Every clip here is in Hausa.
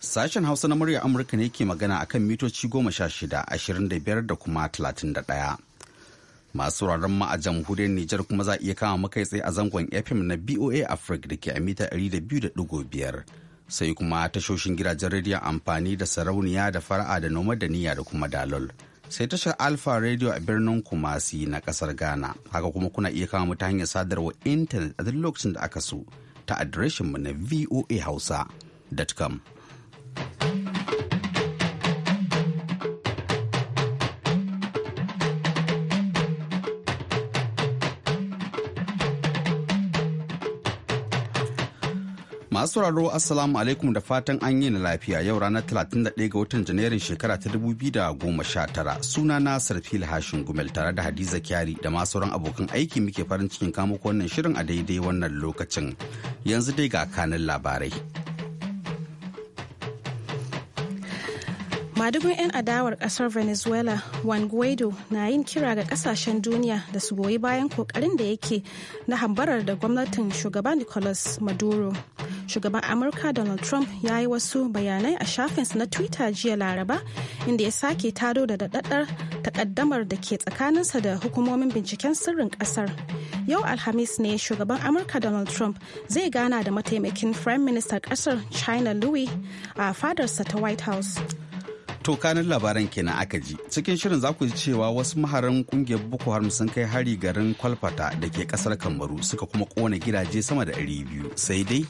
Sashen Hausa na murya Amurka ne ke magana a kan mitoci goma sha shida, ashirin da biyar da kuma talatin da ɗaya. Masu wuraren ma a jamhuriyar Nijar kuma za a iya kama makai tsaye a zangon FM na BOA Africa da ke a mita ɗari da biyu da ɗigo biyar. Sai kuma tashoshin gidajen rediyo amfani da sarauniya da fara'a da noma da niyya da kuma dalol. sai tashar alpha radio a birnin kumasi na kasar ghana haka kuma kuna iya kama mu ta hanyar sadarwa intanet a duk lokacin da aka so ta adireshinmu na voahausa.com masu sauraro assalamu alaikum da fatan an yi na lafiya yau ranar 31 ga watan janairun shekara ta 2019 suna na sarfil hashin gumel tare da hadiza kyari da masu ran abokan aiki muke farin cikin kamuka wannan shirin a daidai wannan lokacin yanzu dai ga kanin labarai madugun 'yan adawar kasar venezuela juan guaido na yin kira ga kasashen duniya da su goyi bayan kokarin da yake na hambarar da gwamnatin shugaban nicolas maduro shugaban amurka donald trump ya yi wasu bayanai a shafinsa na twitter jiya laraba inda ya sake tado da daɗaɗɗar takaddamar da ke tsakaninsa da hukumomin binciken sirrin ƙasar yau alhamis ne shugaban amurka donald trump zai gana da mataimakin prime minister ƙasar china louis a fadarsa ta white house To kanin labaran kenan aka ji. Cikin shirin za ku ji cewa wasu maharan kungiyar Boko Haram sun kai hari garin Kwalfata da ke kasar kambaru suka kuma kona gidaje sama da biyu sai dai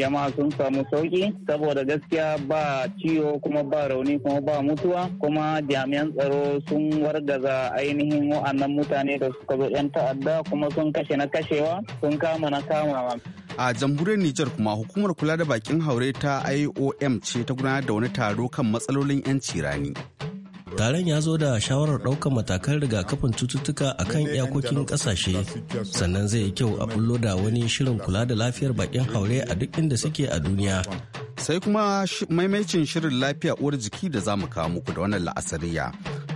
jama'a sun samu sauki saboda gaskiya ba ciwo kuma ba rauni kuma ba mutuwa kuma jami'an tsaro sun wargaza ainihin wa'annan mutane da suka zo 'yan ta'adda kuma sun kashe na kashewa sun kama na kamawa. a jamhuriyar Nijar kuma hukumar kula da bakin haure ta IOM ce ta gudanar da wani taro kan matsalolin 'yanci rani. Taron ya zo da shawarar ɗaukar matakan rigakafin cututtuka a kan iyakokin ƙasashe sannan zai yi kyau a bullo da wani shirin kula da lafiyar bakin haure a duk inda suke a duniya sai kuma maimacin shirin lafiya uwar jiki da za mu kawo muku da wannan la'asariya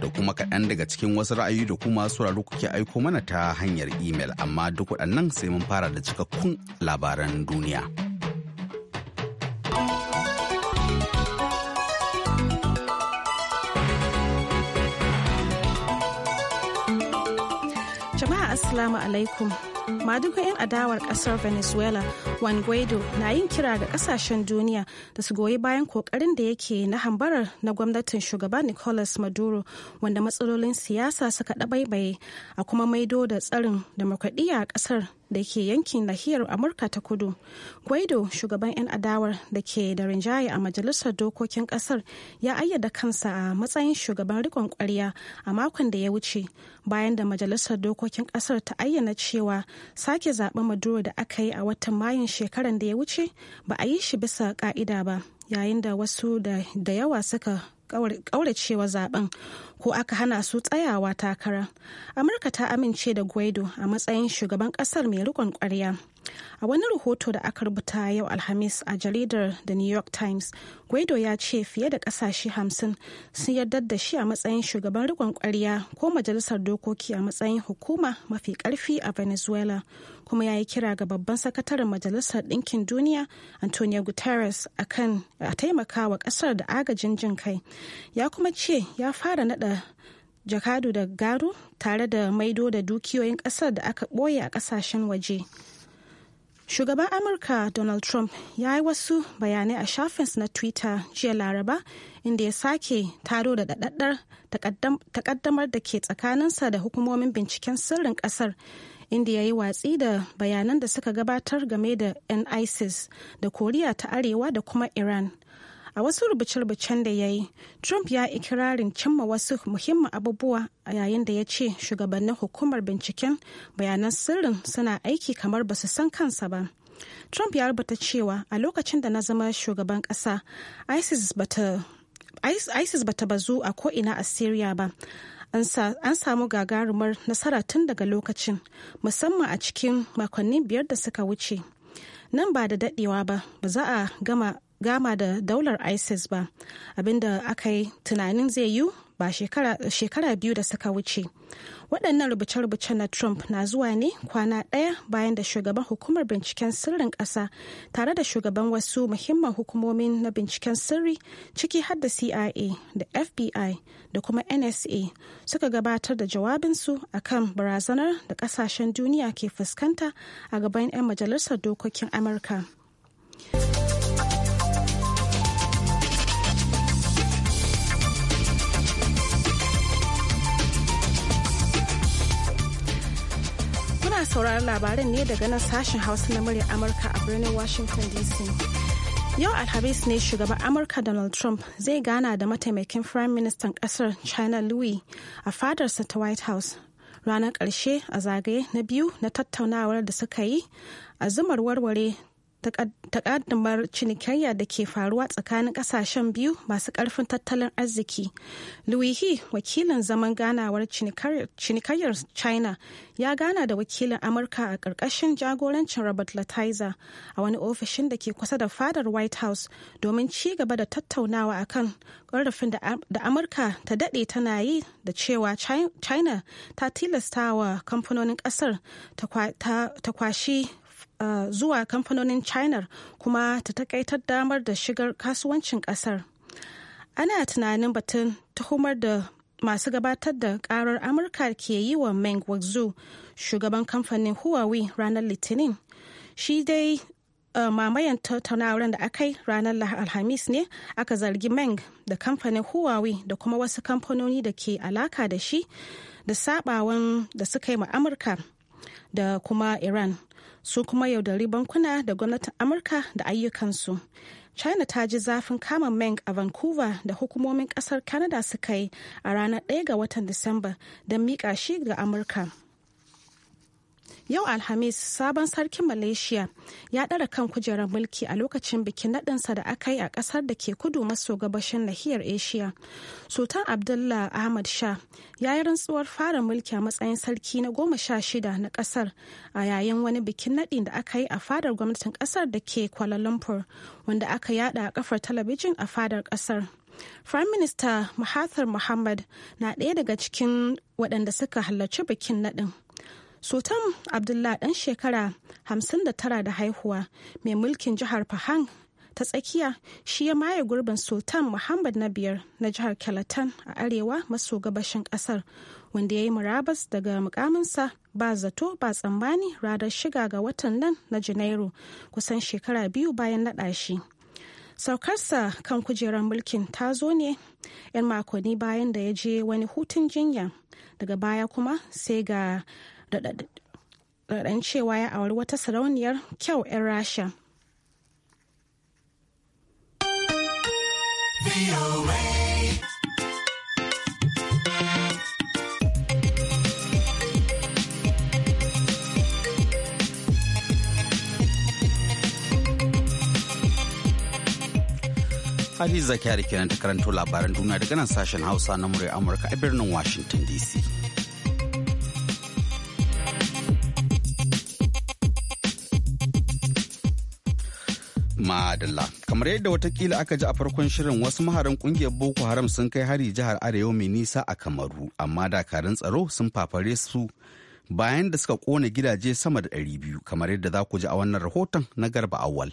da kuma kaɗan daga cikin wasu ra'ayi da kuma sauraro kuke aiko mana ta hanyar imel amma duk waɗannan sai mun fara da cikakkun labaran duniya. Jama'a Assalamu alaikum. madukan 'yan adawar kasar venezuela juan guaido na yin kira ga kasashen duniya da su goyi bayan kokarin da yake na hambarar na gwamnatin shugaba nicolas maduro wanda matsalolin siyasa suka ɗabaibaye a kuma maido da tsarin demokradiyya a kasar da ke yankin nahiyar amurka ta kudu guaido shugaban 'yan adawar da ke da rinjaye a majalisar dokokin kasar ya ayyada kansa a matsayin shugaban rikon kwarya a makon da ya wuce bayan da majalisar dokokin kasar ta ayyana cewa sake zaɓen maduro da aka yi a watan mayun shekaran da ya wuce ba a yi shi bisa ka'ida ba yayin da wasu da yawa suka kauracewa zaben ko aka hana su tsayawa takara amurka ta amince da guaido a matsayin shugaban kasar mai rikon kwarya a wani rahoto da aka rubuta yau alhamis a jaridar the new york times guaido ya ce fiye da kasashe hamsin sun yarda da shi a matsayin shugaban rikon kwarya ko majalisar dokoki a matsayin hukuma mafi karfi a venezuela kuma ya yi kira ga babban sakataren majalisar ɗinkin duniya antonio guterres akan a taimaka wa ƙasar da agajin jin kai ya kuma ce ya fara nada jakadu da garu tare da maido da dukiyoyin ƙasar da aka ɓoye a ƙasashen waje Shugaban Amurka Donald Trump ya yi wasu bayanai a shafinsa na Twitter jiya Laraba inda ya sake taro da daɗaɗɗar takaddamar da ke tsakaninsa da hukumomin binciken sirrin ƙasar inda ya yi watsi da bayanan da suka gabatar game da 'yan isis da koriya ta arewa da kuma iran a wasu rubuce-rubucen da ya yi trump ya ikirarin cimma wasu muhimmin abubuwa a yayin da ya ce shugabannin hukumar binciken bayanan sirrin suna aiki kamar ba su san kansa ba trump ya rubuta cewa a lokacin da na zama shugaban kasa isis bata ISIS bazu a ko'ina a Syria ba, an samu gagarumar nasara tun daga lokacin musamman a cikin makonni biyar da suka wuce nan ba da daɗewa ba ba za a gama gama da daular isis ba abinda aka yi tunanin zai yi ba shekara biyu da suka wuce waɗannan rubuce-rubuce na trump na zuwa ne kwana ɗaya bayan da shugaban hukumar binciken sirrin ƙasa tare da shugaban wasu muhimman hukumomin na binciken sirri ciki har da cia da fbi da kuma nsa suka gabatar da jawabinsu a kan barazanar da ƙasashen duniya ke fuskanta a gaban 'yan majalisar dokokin amurka sauraron labaran ne daga nan sashen hausa na murya amurka a birnin washington dc yau alhamis ne shugaban amurka donald trump zai gana da mataimakin prime minister kasar china louis a fadarsa ta white house ranar karshe a zagaye na biyu na tattaunawar da suka yi a zumar warware takaddamar cinikayya da ke faruwa tsakanin kasashen biyu masu karfin tattalin arziki luwihi wakilin zaman ganawar cinikayyar china ya gana da wakilin amurka a ƙarƙashin jagorancin robert lighthizer a wani ofishin da ke kusa da fadar white house domin ci gaba da tattaunawa a kan ƙorafin da amurka ta daɗe tana yi da cewa china ta tilasta wa kamfanonin ƙasar ta kwashi uh, zuwa kamfanonin china kuma ta takaitar damar da shigar kasuwancin kasar ana tunanin batun tuhumar da masu gabatar da karar amurka ke yi wa meng wazu shugaban kamfanin huawei ranar litinin shi dai uh, mamayan tattaunawar da aka yi ranar alhamis ne aka zargi meng da kamfanin huawei da kuma wasu kamfanoni da ke alaka da shi da sabawan da suka yi ma amurka da kuma iran su kuma yaudari bankuna da gwamnatin amurka da ayyukansu china ta ji zafin kama meng a vancouver da hukumomin kasar canada suka yi a ranar 1 ga watan disamba don miƙa shi ga amurka yau alhamis sabon sarkin malaysia ya ɗara kan kujerar mulki a lokacin bikin naɗinsa da aka yi a ƙasar da ke kudu maso gabashin nahiyar asia sultan abdullah ahmad shah ya yi rantsuwar fara mulki a matsayin sarki na goma sha shida na ƙasar a yayin wani bikin naɗin da aka yi a fadar gwamnatin ƙasar da ke kuala lumpur wanda aka yada a kafar talabijin a fadar ƙasar Prime Minister Mahathir Mohamad na ɗaya daga cikin waɗanda suka halarci bikin naɗin. sultan abdullah dan shekara 59 da haihuwa mai mulkin jihar fahang ta tsakiya shi ya maye gurbin sultan muhammad na biyar na jihar kelatan a arewa maso gabashin kasar wanda ya yi murabas daga mukaminsa ba zato ba tsammani ranar shiga ga watan nan na janairu kusan shekara biyu bayan naɗa shi saukarsa kan kujerar mulkin ta zo ne 'yan makonni bayan da ya je wani hutun jinya daga baya kuma sai ga raɗaɗin cewa ya auri wata sarauniyar kyau 'yan rasha Hadiza Kyari kenan ta karanto labaran duniya daga nan sashen Hausa na murya Amurka a birnin Washington DC. Madalla. Kamar yadda watakila aka ji a farkon shirin wasu maharan kungiyar Boko Haram sun kai hari jihar Arewa mai nisa a Kamaru, amma dakarun tsaro sun fafare su bayan da suka kone gidaje sama da 200 kamar yadda za ku ji a wannan rahoton na Garba Awal.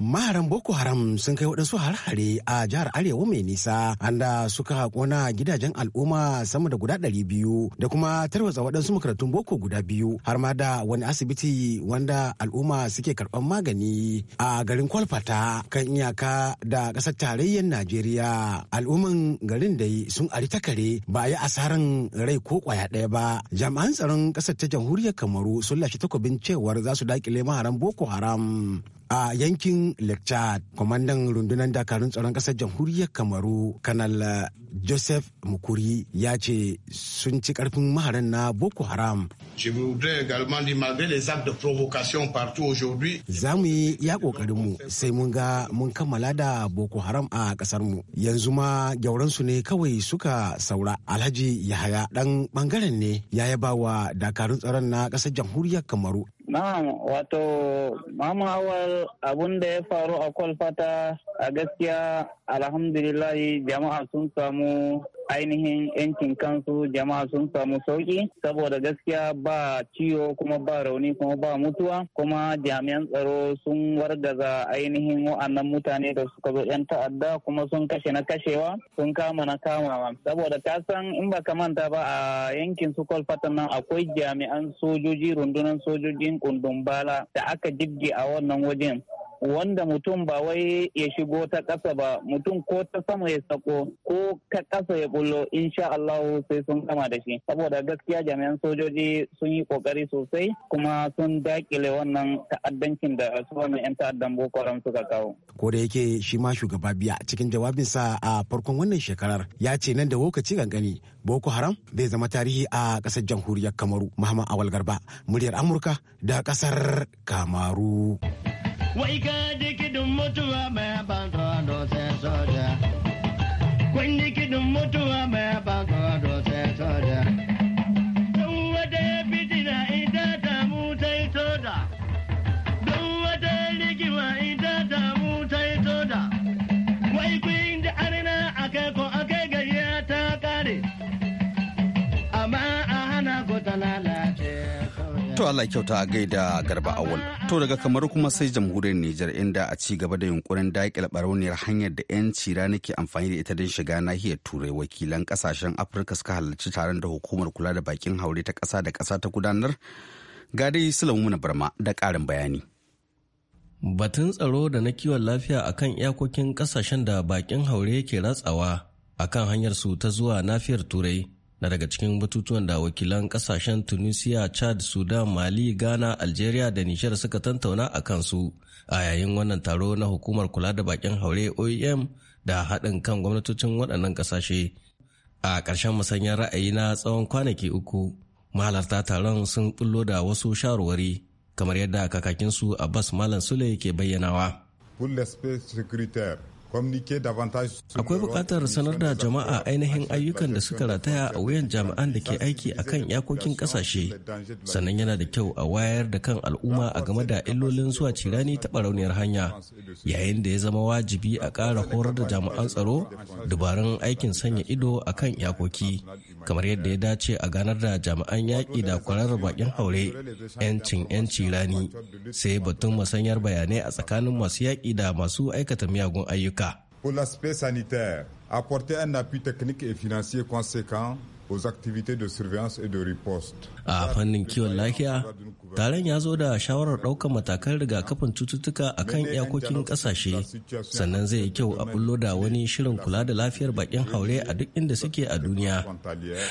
maharan boko haram sun kai waɗansu harhare a jihar arewa mai nisa anda suka kona gidajen al'umma sama da guda ɗari biyu da kuma tarwatsa waɗansu makarantun boko guda biyu har ma da wani asibiti wanda al'umma suke karɓar magani a garin kwalfata kan iyaka da ƙasar tarayyar najeriya al'umman garin dai sun ari takare ba a yi asaran rai ko ƙwaya ɗaya ba jami'an tsaron ƙasar ta jamhuriyar kamaru sun lashe takobin cewar za su daƙile maharan boko haram a yankin lake chad kwamandan rundunar dakarun tsaron ƙasar jamhuriyar kamaru kanal eh, joseph mukuri ya ce sun ci karfin maharan na boko haram za mu yi ya ƙoƙarinmu sai mun ga mun kammala da boko haram a ƙasarmu yanzu ma gyauransu ne kawai suka saura alhaji yahaya ɗan ɓangaren ne ya yaba wa dakarun tsaron na ƙasar jamhuriyar kamaru Na'am wato mamawar abun da ya faru a kwalfata a gaskiya alhamdulillahi jama'a sun samu ainihin yankin kansu jama'a sun samu sauki saboda gaskiya ba ciwo kuma ba rauni kuma ba mutuwa kuma jami'an tsaro sun wargaza ainihin wa'annan mutane da suka zo 'yan ta'adda kuma sun kashe na kashewa sun kama na kamawa saboda ka san in ba ka manta ba a yankin su kwalfatan nan akwai jami'an sojoji rundunar sojojin kundun da aka jibge a wannan wajen wanda mutum ba wai ya shigo ta ƙasa ba mutum ko ta sama ya sako ko ka ƙasa ya bullo insha Allah sai sun kama da shi saboda gaskiya jami'an sojoji sun yi kokari sosai kuma sun dakile wannan ta'addancin da su wannan 'yan ta'addan Boko Haram suka kawo. Ko da yake shi ma shugaba biya cikin jawabinsa a farkon wannan shekarar ya ce nan da lokaci gangani Boko Haram zai zama tarihi a ƙasar jamhuriyar Kamaru Muhammad Awal Garba muryar Amurka da ƙasar Kamaru. wai ka dikidin mutuwa mai ban don sai soja To Allah kyauta a gaida garba awal. To daga kamar kuma sai jamhuriyar Nijar inda a ci gaba da yunkurin daƙil barauniyar hanyar da 'yanci rana ke amfani da ita don shiga nahiyar turai wakilan kasashen Afirka suka halarci taron da hukumar kula da bakin haure ta ƙasa da ƙasa ta gudanar. Ga dai Sulaimu Barma da ƙarin bayani. Batun tsaro da na kiwon lafiya akan iyakokin kasashen da bakin haure ke ratsawa akan hanyar su ta zuwa nafiyar turai na daga cikin batutuwan da wakilan kasashen tunisia chad sudan mali ghana algeria da nishar suka tantauna a kansu a yayin wannan taro na hukumar kula da bakin haure oem da haɗin kan gwamnatocin waɗannan ƙasashe a ƙarshen masanyar ra'ayi na tsawon kwanaki uku mahalarta taron sun bullo da wasu shawarwari kamar yadda kakakinsu abbas malam sule ke bayyanawa Pour space sécuritaire, Akwai bukatar sanar da jama'a ainihin ayyukan da suka rataya a wuyan jami'an da ke aiki a kan iyakokin ƙasashe, sannan yana da kyau a wayar da kan al'umma a game da illolin zuwa cirani ta barauniyar hanya, yayin da ya zama wajibi a ƙara horar da jami'an tsaro dubarun aikin sanya ido a kan iyakoki, kamar yadda ya dace a ganar da jami'an yaƙi da kwararra bakin haure 'yancin 'yanci cirani sai batun masanyar bayanai a tsakanin masu yaƙi da masu aikata miyagun ayyuka. Pour l'aspect sanitaire, apporter un appui technique et financier conséquent aux activités de surveillance et de riposte. A fannin kiwon lafiya, taron ya zo da shawarar ɗaukar matakan rigakafin cututtuka a kan iyakokin ƙasashe, sannan zai yi kyau a bullo da wani shirin kula da lafiyar bakin haure a duk inda suke a duniya.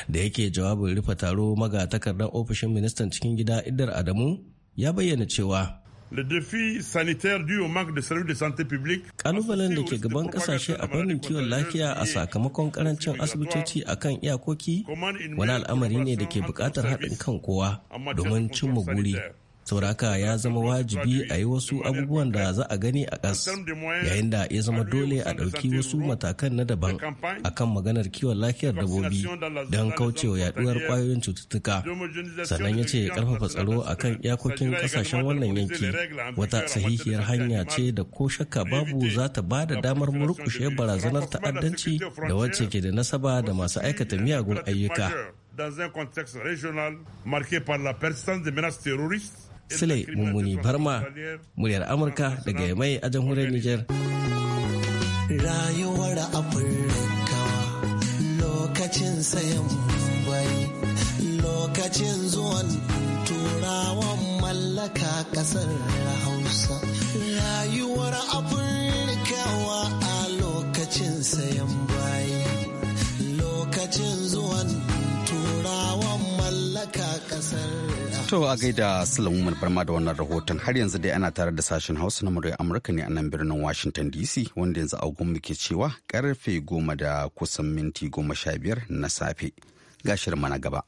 Da yake jawabin rufe taro maga ofishin ministan cikin gida Idar Adamu ya bayyana cewa Kalubalen da ke gaban kasashe a fannin kiwon lafiya a sakamakon karancin asibitoci a kan iyakoki wani al'amari ne da ke bukatar haɗin kan kowa domin cimma guri. sauraka ya zama wajibi a yi wasu abubuwan da za a gani a ƙas yayin da ya zama dole a ɗauki wasu matakan na daban a kan maganar kiwon lafiyar dabbobi don kaucewa yaduwar kwayoyin cututtuka sannan ya ce ƙarfafa tsaro a kan iyakokin ƙasashen wannan yanki wata sahihiyar hanya ce da ko shakka babu za ta ba da damar murkushe barazanar ta'addanci da wacce ke da nasaba da masu aikata miyagun ayyuka. Dans un contexte régional marqué par la persistance des menaces terroristes Sule Mummuni Barma, muryar Amurka daga Yamai a jamhuriyar Nijar. Rayuwar Afirka lokacin sayan bai lokacin zuwan turawan mallaka kasar Hausa. Rayuwar Afirka To a gaida Sulaiman Barma da wannan rahoton har yanzu dai ana tare da sashen Hausa na murya Amurka ne a nan birnin Washington DC wanda yanzu agun muke cewa karfe goma da kusan minti goma sha biyar na safe. Gashir mana gaba.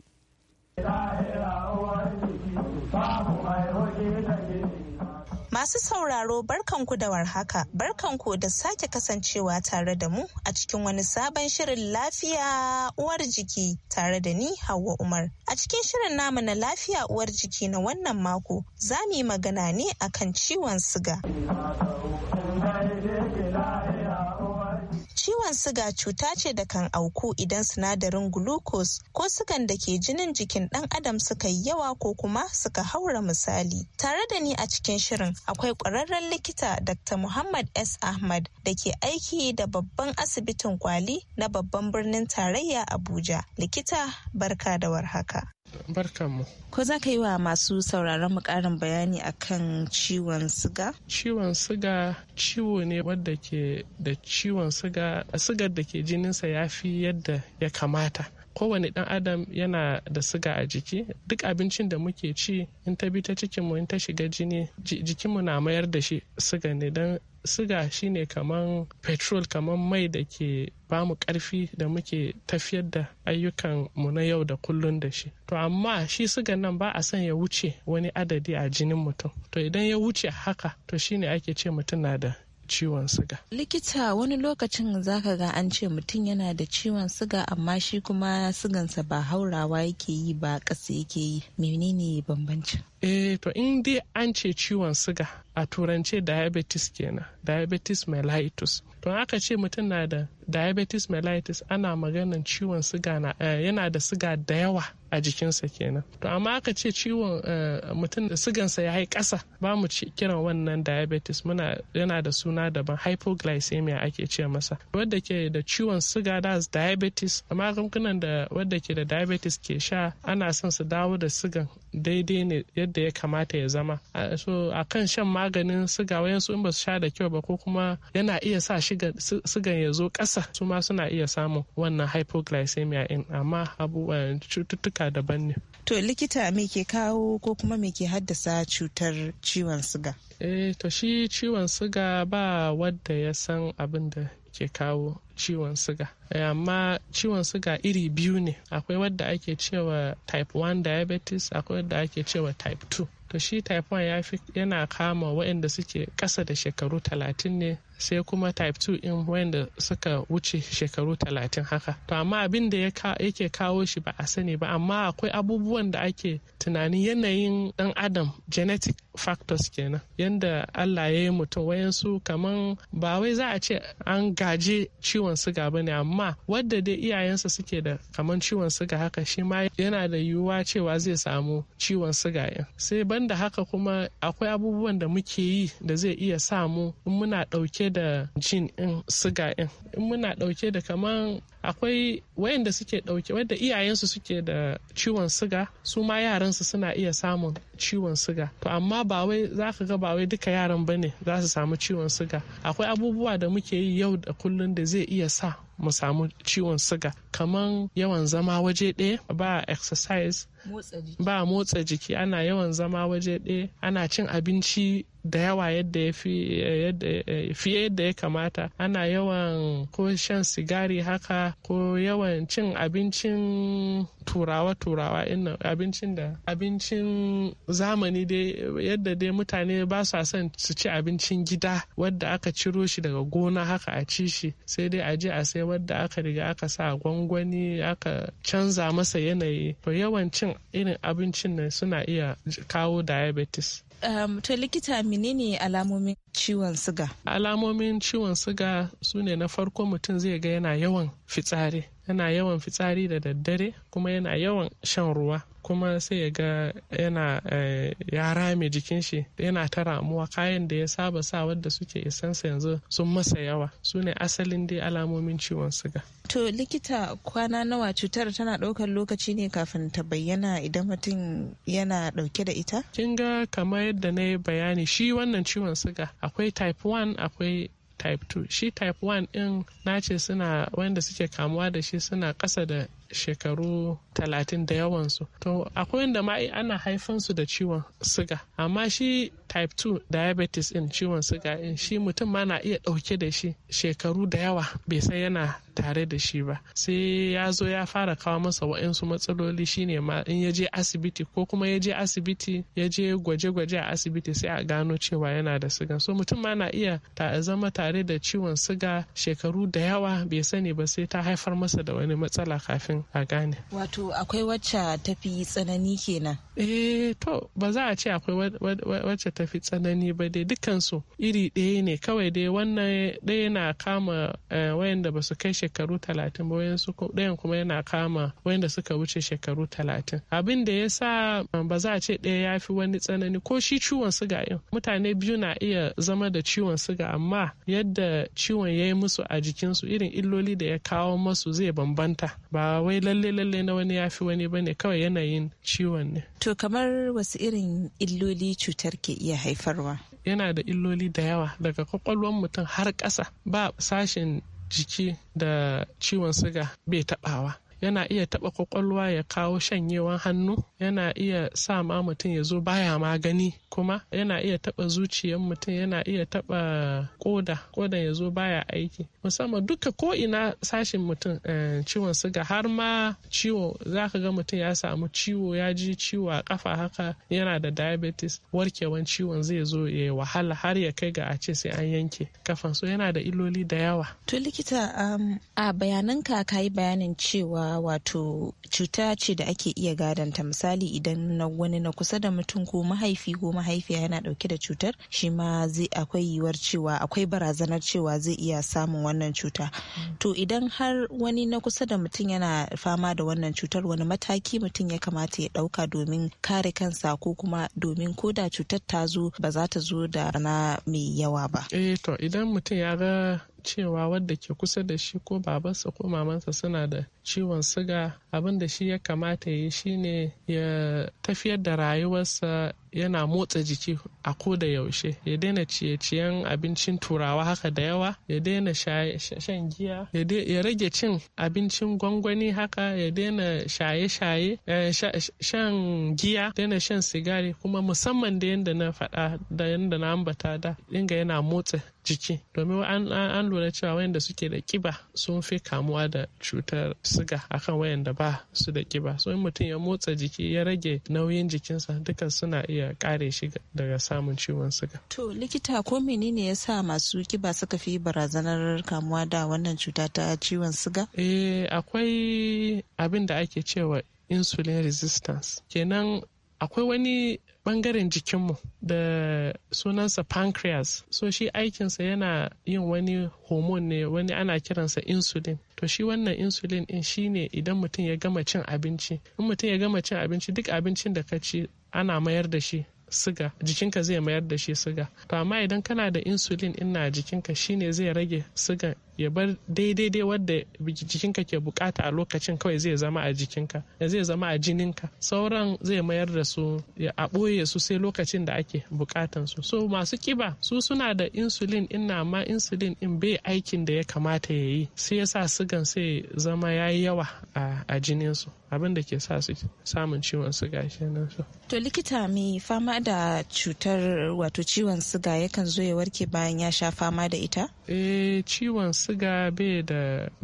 Masu sauraro barkanku da warhaka, barkanku da sake kasancewa tare da mu a cikin wani sabon shirin lafiya uwar jiki tare da ni Hauwa Umar. A cikin shirin namu na lafiya uwar jiki na wannan mako, za mu yi magana ne akan ciwon siga. Ciwon siga cuta ce da kan auku idan sinadarin glucose ko sigan da ke jinin jikin ɗan adam suka yi yawa ko kuma suka haura misali. Tare da ni a cikin shirin akwai ƙwararren likita Dr. Muhammad S. Ahmad da ke aiki da babban asibitin kwali na babban birnin tarayya Abuja. Likita barka da warhaka. barkanmu ko za ka yi wa masu sauraron mu karin bayani a kan ciwon siga ciwon siga ciwo ne wadda ke da ciwon siga sigar da ke jininsa ya fi yadda ya kamata kowane dan adam yana da siga a jiki duk abincin da muke ci in ta bi ta cikinmu in ta shiga jini jikinmu na mayar da shi siga ne don siga shine kaman petrol kaman mai da ke bamu mu karfi da muke tafiyar da ayyukan mu na yau da kullun da shi to amma shi sigan nan ba a son ya wuce wani adadi a jinin mutum to idan ya wuce haka to shine ake ce mutum na da ciwon siga. Likita wani lokacin zaka ga an ce mutum yana da ciwon siga amma shi kuma sigansa ba haurawa yake yi ba ƙasa yake yi. Menene bambancin? Eh to in dai an ce ciwon siga a turance diabetes kenan diabetes mellitus to aka ce mutum na da diabetes mellitus ana maganan ciwon siga na eh, yana da siga da yawa a jikinsa kenan to amma aka ce ciwon eh, mutum da sigansa ya yi ƙasa ba mu kiran wannan diabetes muna yana da suna daban hypoglycemia ake ce masa wadda ke da ciwon siga da diabetes amma magungunan da wadda ke da diabetes ke sha ana son su dawo da sigan daidai ne yadda ya kamata ya zama so a kan shan maganin siga wayansu in ba su sha da kyau ba ko kuma yana iya sa sigan ya zo kasa su ma suna iya samun wannan hypoglycemia in amma abubuwan cututtuka daban ne to likita me ke kawo ko kuma me ke haddasa cutar ciwon siga eh to shi ciwon siga ba wadda ya san abin da ke kawo ciwon suga, eh, amma ciwon suga iri biyu ne akwai wadda ake cewa type 1 diabetes akwai wadda ake cewa type 2 to shi type 1 ya fi yana kama waɗanda suke ƙasa da shekaru 30 ne sai kuma type 2 in waɗanda suka wuce shekaru 30 haka to amma abin da yake kawo shi ba a sani ba amma akwai abubuwan da ake tunanin yanayin ɗan adam genetic factors kenan yanda allah ya yi mutum wayansu kaman ba wai za a ce an gaji ciwon siga ba ne amma wadda dai iyayensa suke da kaman ciwon siga haka shi ma yana da yiwuwa cewa zai samu ciwon siga sai banda haka kuma akwai abubuwan da muke yi da zai iya samu in muna dauke da jin in siga in muna dauke da kaman akwai wayanda suke dauke wadda iyayensu suke da ciwon siga su ma yaransu suna iya samun ciwon siga to amma ba wai za ka ga ba wai duka yaran bane za su samu ciwon siga akwai abubuwa da muke yi yau da kullun da zai iya sa mu samu ciwon siga kaman yawan zama waje ɗaya ba exercise ba motsa jiki ana yawan zama waje ɗaya ana cin abinci da yawa yadda ya eh, fiye yadda ya kamata ana yawan ko shan sigari haka ko yawan cin abincin turawa turawa inna abincin da abincin zamani dai yadda dai mutane ba su son su ci abincin gida wadda aka ciro shi daga gona haka a ci shi sai dai a je a sai wadda aka riga aka sa gwangwani aka canza masa yanayi to yawan cin irin abincin nan suna iya kawo diabetes um, to likita menene alamomin ciwon suga alamomin ciwon suga su ne na farko mutum zai ga yana yawan fitsari yana yawan fitsari da daddare kuma yana yawan shan ruwa kuma sai ya ga yana eh, ya rame jikin shi yana ta ramuwa kayan da ya saba sa wadda suke isansa yanzu sun masa yawa su ne asalin dai alamomin ciwon suga to likita kwana nawa cutar tana ɗaukar lokaci ne kafin ta bayyana idan mutum yana ɗauke da ita kin ga kamar yadda na yi bayani shi wannan ciwon suga akwai type 1 akwai type 2 shi type 1 din nace suna wanda suke kamuwa da shi suna ƙasa da shekaru talatin da yawansu to akwai inda ma ana haifansu da ciwon siga amma shi type 2 diabetes in ciwon siga in shi mutum ma na iya ɗauke da shi shekaru da yawa bai san yana tare da shi ba sai ya zo ya fara kawo masa wa'insu matsaloli shine ma in ya je asibiti ko kuma ya je asibiti ya je gwaje-gwaje a asibiti sai a gano cewa yana da siga so mutum ma na iya ta zama tare da ciwon siga shekaru da yawa bai sani ba sai ta haifar masa da wani matsala kafin a gane wato akwai wacce tafi tsanani kenan eh to ba za a ce akwai wacce tafi tsanani ba dai dukansu iri ɗaya ne kawai dai wannan ɗaya na kama eh, wayanda ba su kai shekaru talatin ba ɗayan kuma yana kama wayanda suka wuce shekaru talatin abin da ya sa um, ba za a ce ɗaya ya fi wani tsanani ko shi ciwon suga yin mutane biyu na iya zama da ciwon suga amma yadda ciwon ya yi musu a jikinsu irin illoli da ya kawo masu zai bambanta ba wai lalle lalle na wani ya fi wani bane kawai yanayin ciwon ne to kamar wasu irin illoli cutar ke iya haifarwa yana da illoli da yawa daga kwakwalwar mutum har ƙasa ba sashen jiki da ciwon suga bai taɓawa yana iya taɓa kwakwalwa ya kawo shanyewan hannu yana iya sa ma mutum ya zo baya ma gani kuma yana iya taɓa zuciyar mutum yana iya taɓa koda koda ya zo baya aiki musamman duka ko ina sashin mutum eh, ciwon suga har ma ciwo za ka ga mutum ya samu ciwo ya ji ciwo a kafa haka yana da diabetes warkewan ciwon zai zo ya wahala har ya kai ga a ce sai an yanke kafan so yana da iloli da yawa to likita um, a bayanan ka yi bayanin cewa wato cuta ce da ake iya gadanta misali idan na wani na kusa da mutum ko mahaifi ko mahaifiya yana dauke da cutar shi ma zai akwai yiwuwar cewa akwai barazanar cewa zai iya samun wannan cuta mm. to idan har wani na kusa da mutum yana fama da wannan cutar wani mataki mutum ya kamata ya dauka domin kare kansa ko kuma domin ko da cutar ta zo ba za ta zo da na mai yawa ba eh to idan mutum ya ga cewa wadda ke kusa da shi ko babansa ko mamansa suna da ciwon suga abin da shi ya kamata yi shine ya tafiyar da rayuwarsa yana motsa jiki a ko da yaushe ya daina ciye-ciyen abincin turawa haka da yawa ya daina shan giya ya rage cin abincin gwangwani haka ya daina shaye-shaye eh, shan giya daina shan sigari kuma musamman da yadda na faɗa da yadda na ambata da inga yana motsa jiki domin an lura cewa wayanda suke da kiba sun fi kamuwa da cutar siga akan wayanda ba su da kiba so in mutum ya motsa jiki ya rage nauyin jikinsa duka suna iya kare shi daga samun ciwon siga to likita ko menene ya sa masu kiba suka fi barazanar kamuwa da wannan cuta ta ciwon siga eh akwai abin da ake cewa insulin resistance kenan akwai wani bangaren jikinmu da sunansa pancreas so shi aikinsa yana yin wani hormone ne wani ana kiransa insulin to shi wannan insulin din shine idan mutum ya gama cin abinci in mutum ya gama cin abinci duk abincin da ka ci ana mayar da shi siga jikinka zai mayar da shi siga to amma idan kana da insulin ina jikinka shine zai rage sigan ya bar daidai dai wadda jikinka ke bukata a lokacin kawai zai zama a jikinka da zai zama a jininka sauran zai mayar da su ya a ɓoye su sai lokacin da ake bukatan su so masu kiba su suna da insulin in na ma insulin in bai aikin da ya kamata ya yi sai yasa sigan sai zama ya yi yawa a jininsu su abin da ke sa su samun ciwon siga kenan su. to likita mai fama da cutar wato ciwon siga yakan zo ya warke bayan ya sha fama da ita eh ciwon siga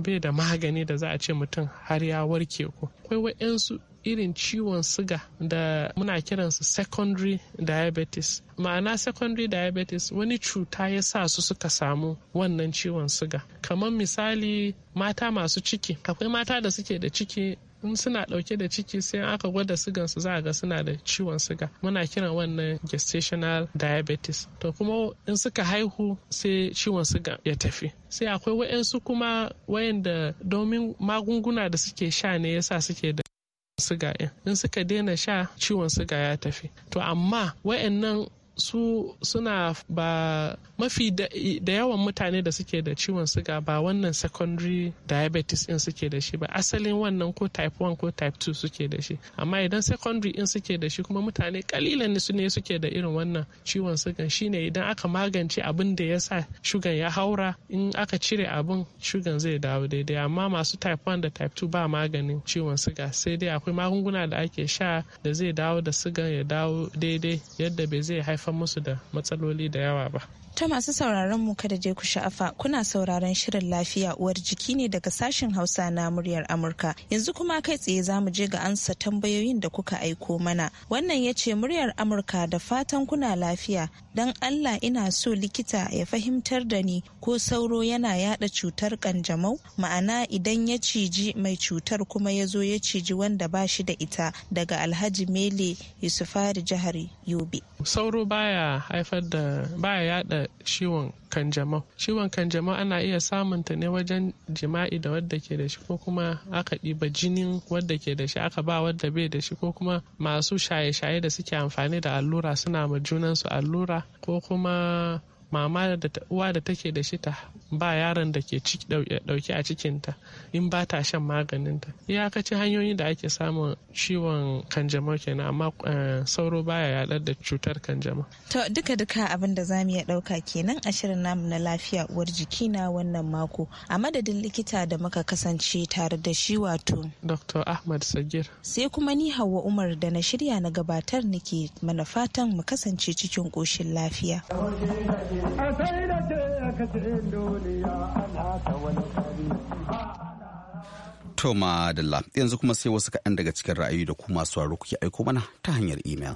bai da magani da za a ce mutum har ya warke ko akwai wa'yansu irin ciwon siga da muna kiransu secondary diabetes ma'ana secondary diabetes wani cuta ya sa su suka samu wannan ciwon siga kamar misali mata masu ciki akwai mata da suke da ciki in suna dauke da ciki sai aka gwada sigan su za a ga suna da ciwon siga muna kiran wannan gestational diabetes to kuma in suka haihu sai ciwon siga ya tafi sai akwai wayansu kuma wayanda domin magunguna da suke sha ne yasa suke da siga in suka daina sha ciwon siga ya tafi to amma wayannan su suna ba mafi da, yawan mutane da suke da ciwon suga ba wannan secondary diabetes in suke da shi ba asalin wannan ko type 1 ko type 2 suke da shi amma idan secondary in suke da shi kuma mutane kalilan su ne suke da irin wannan ciwon suga shine idan aka magance abin da ya sa shugan ya haura in aka cire abin shugan zai dawo daidai amma masu type 1 da type 2 ba maganin ciwon suga sai dai akwai magunguna da ake sha da zai dawo da sugan ya dawo daidai yadda bai zai haifa. haifar musu da matsaloli da yawa ba ta masu sauraron mu kada je ku sha'afa kuna sauraron shirin lafiya uwar jiki ne daga sashen hausa na muryar amurka yanzu kuma kai tsaye za mu je ga ansa tambayoyin da kuka aiko mana wannan ya ce muryar amurka da fatan kuna lafiya don allah ina so likita ya fahimtar da ni ko sauro yana yada cutar kanjamau ma'ana idan ya ciji mai cutar kuma ya zo ya ciji wanda ba shi da ita daga alhaji mele yusufari jihar yobe sauro baya haifar da baya yada ciwon kanjamau ciwon kanjamau ana iya samun ta ne wajen jima'i da wadda ke da shi ko kuma aka ɗiba jinin wadda ke da shi aka ba wadda bai da shi ko kuma masu shaye-shaye da suke amfani da allura suna ma junansu allura ko kuma mama da uwa da take da shi ta ba yaron da ke dauke a cikinta in ba ta shan maganinta iyakacin hanyoyin da ake samun ciwon kanjamau kenan amma eh, sauro baya yaɗar da cutar kanjamau to duka duka abin da za mu iya dauka kenan a shirin namu na lafiya uwar jiki na wannan mako a madadin likita da muka kasance tare da shi wato dr ahmad sagir sai kuma ni hawa umar da na shirya na gabatar nake mana fatan mu kasance cikin koshin lafiya a Toma Dalla yanzu kuma sai wasu kaɗan daga cikin ra'ayi da kuma masu sauraro kuke aiko mana ta hanyar imel.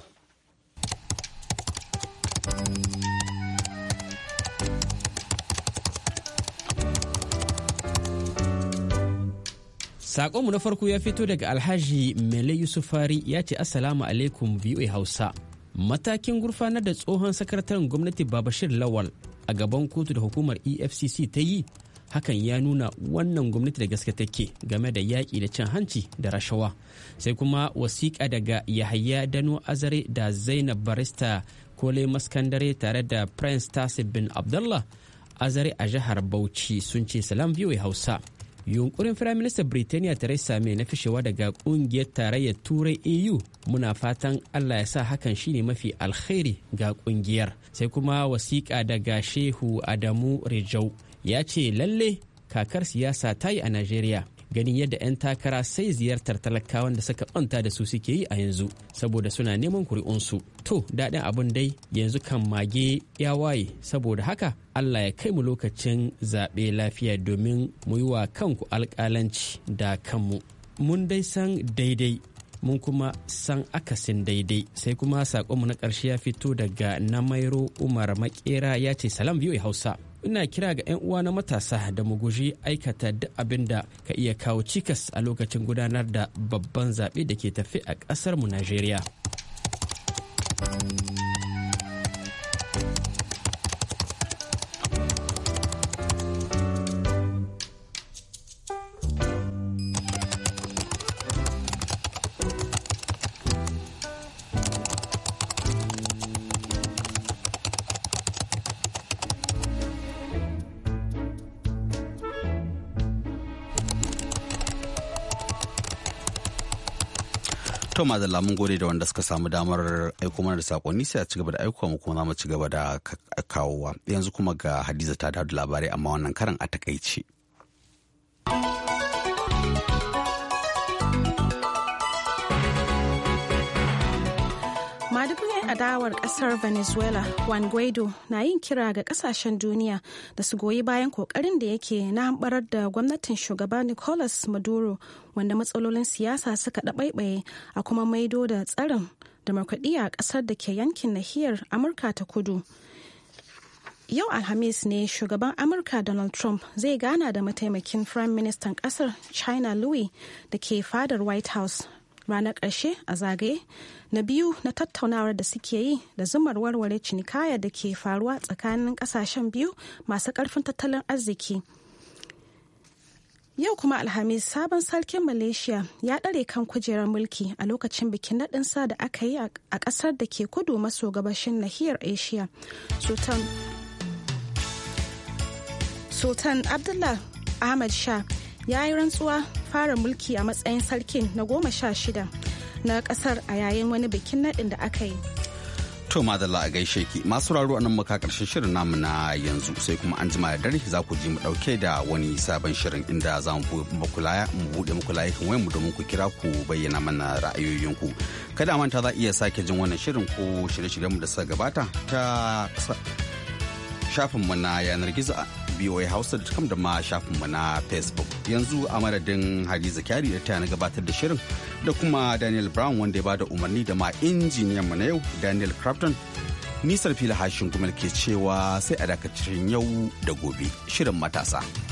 Saƙonmu na farko ya fito daga Alhaji Mele Yusufari ya ce Assalamu alaikum VOA Hausa. matakin gurfanar da tsohon sakataren gwamnati babashir lawal a gaban kotu da hukumar efcc ta yi hakan ya nuna wannan gwamnati da gaske take game da yaƙi da cin hanci da rashawa sai kuma wasiƙa daga yahaya dano azare da zainab barista kole maskandare tare da prince tasir bin abdullah azare a jihar bauchi sun ce salam ya hausa yunkurin firaministan birtaniya theresa may na fishewa daga kungiyar tarayyar turai eu muna fatan allah ya sa hakan shine mafi alkhairi ga kungiyar sai kuma wasiƙa daga shehu adamu rejau ya ce lalle kakar siyasa ta yi a najeriya ganin yadda 'yan takara sai ziyartar talakawan da suka ɓanta da su suke yi a yanzu saboda suna neman kuri'unsu to daɗin abin dai yanzu kan mage ya waye saboda haka allah ya kai mu lokacin zaɓe lafiya domin mu yi wa kanku alƙalanci da kanmu mun dai san daidai mun kuma san akasin daidai sai kuma sakonmu na ƙarshe ya fito daga namairo umar makera ya ce salam biyu hausa ina kira ga 'yan uwa na matasa da mu guji aikata duk abin da ka iya kawo cikas a lokacin gudanar da babban zaɓe da ke tafi a ƙasarmu najeriya To mazalla mun gode da wanda suka samu damar aiko mana da sakonni sai a ci gaba da aiko mu kuma za mu ci gaba da kawowa. Yanzu kuma ga Hadiza ta dawo da labarai amma wannan karan a takaice. adawar kasar venezuela juan guaido na yin kira ga kasashen duniya da su goyi bayan kokarin da yake na hambarar da gwamnatin shugaba nicolas maduro wanda matsalolin siyasa suka ɗabaiɓaye a kuma maido da tsarin demokradiyya a kasar da ke yankin nahiyar amurka ta kudu yau alhamis ne shugaban amurka donald trump zai gana da mataimakin prime ministan kasar china louis da ke fadar white house ranar ƙarshe a zagaye na biyu na tattaunawar da suke yi da zumar warware cinikaya da ke faruwa tsakanin ƙasashen biyu masu ƙarfin tattalin arziki yau kuma alhamis sabon sarkin malaysia ya ɗare kan kujerar mulki a lokacin bikin naɗinsa da aka yi a ƙasar da ke kudu maso gabashin nahiyar asia sultan abdullah ahmad shah ya yi rantsuwa fara mulki a matsayin sarkin na goma sha shida na kasar a yayin wani bikin naɗin da aka yi. To madalla a gaishe ki masu raro nan muka karshen shirin namu na yanzu sai kuma an jima da dare za ku ji mu dauke da wani sabon shirin inda za mu muku laya mu bude muku laya kan wayanmu domin ku kira ku bayyana mana ra'ayoyinku. Kada manta za iya sake jin wannan shirin ko shirye mu da suka gabata ta shafinmu na yanar gizo hausa da ma shafinmu na facebook yanzu a madadin hadiza kyari da ta na gabatar da shirin da kuma daniel brown wanda ya bada umarni da ma injiniyan mu na yau daniel crafton nisar fila hashin gumal ke cewa sai a dakacin yau da gobe shirin matasa